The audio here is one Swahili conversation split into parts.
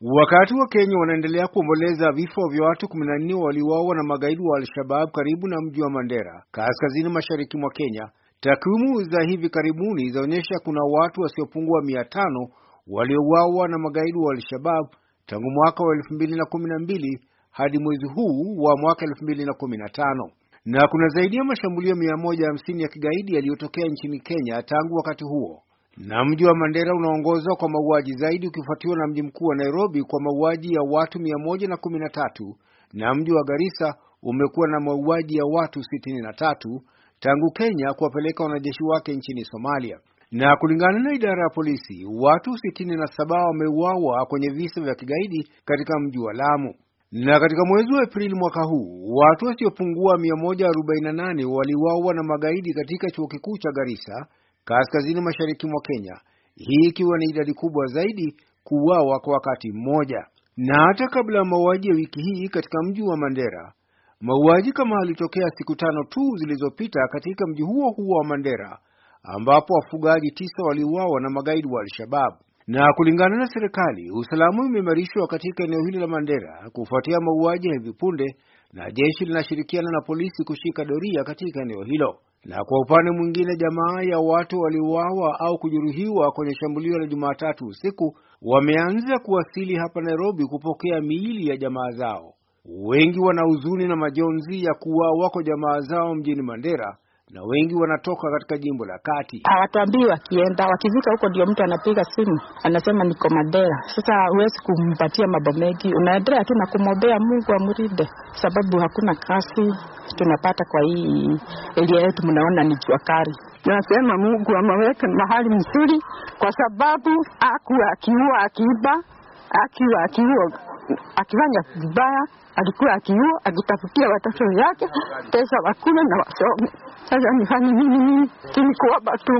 Wakati wa Kenya wanaendelea kuomboleza vifo vya watu 14 waliuawa na magaidi wa Al-Shabab karibu na mji wa Mandera, kaskazini mashariki mwa Kenya, takwimu za hivi karibuni zaonyesha kuna watu wasiopungua mia tano waliouawa na magaidi wa Al-Shabab tangu mwaka wa 2012 hadi mwezi huu wa mwaka 2015 na kuna zaidi ya mashambulio 150 ya kigaidi yaliyotokea nchini Kenya tangu wakati huo. Na mji wa Mandera unaongozwa kwa mauaji zaidi ukifuatiwa na mji mkuu wa Nairobi kwa mauaji ya watu 113 na mji wa Garissa umekuwa na mauaji ya watu 63 tangu Kenya kuwapeleka wanajeshi wake nchini Somalia. Na kulingana na idara ya polisi, watu 67 wameuawa kwenye visa vya kigaidi katika mji wa Lamu. Na katika mwezi wa Aprili mwaka huu, watu wasiopungua 148 waliuawa na magaidi katika chuo kikuu cha Garissa kaskazini mashariki mwa Kenya, hii ikiwa ni idadi kubwa zaidi kuuawa kwa wakati mmoja. Na hata kabla ya mauaji ya wiki hii katika mji wa Mandera, mauaji kama alitokea siku tano tu zilizopita katika mji huo huo wa Mandera ambapo wafugaji tisa waliuawa na magaidi wa Al-Shabab. Na kulingana na serikali, usalama umeimarishwa katika eneo hili la Mandera kufuatia mauaji ya hivi punde, na jeshi linashirikiana na polisi kushika doria katika eneo hilo. Na kwa upande mwingine, jamaa ya watu waliuawa au kujeruhiwa kwenye shambulio la Jumatatu usiku wameanza kuwasili hapa Nairobi kupokea miili ya jamaa zao. Wengi wana huzuni na majonzi ya kuwa kwa jamaa zao mjini Mandera na wengi wanatoka katika jimbo la kati. Hawatuambii wakienda, wakifika huko ndio mtu anapiga simu anasema niko Mandera. Sasa huwezi kumpatia mambo mengi, unaendelea tu na kumwombea Mungu amuride, sababu hakuna kazi tunapata kwa hii elia yetu, mnaona ni jua kali. Nasema Mungu ameweka mahali mzuri, kwa sababu akuwa akiua akiiba, akiwa akiua akifanya vibaya, alikuwa akiua akitafutia watoto yake pesa wakule na wasome. Sasa nifanye nini tu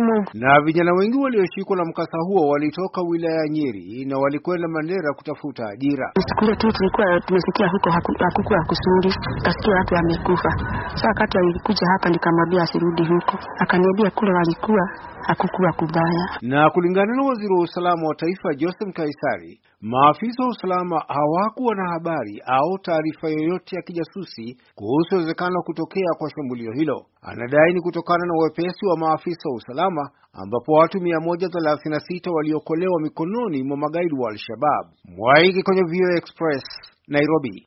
Mungu. Na vijana wengi walioshikwa na mkasa huo walitoka wilaya ya Nyeri na walikwenda Mandera kutafuta ajira. Kule tu tulikuwa tumesikia huko hakukuwa kusuri, kasikia watu wamekufa. Sasa wakati alikuja hapa nikamwambia asirudi huko, akaniambia kule walikuwa hakukuwa kubaya. Na kulingana na waziri wa usalama wa taifa Joseph Kaisari Maafisa wa usalama hawakuwa na habari au taarifa yoyote ya kijasusi kuhusu uwezekano wa kutokea kwa shambulio hilo. Anadai ni kutokana na uwepesi wa maafisa wa usalama, ambapo watu 136 waliokolewa mikononi mwa magaidi wa Al-Shabab. Mwaiki kwenye VOA Express, Nairobi.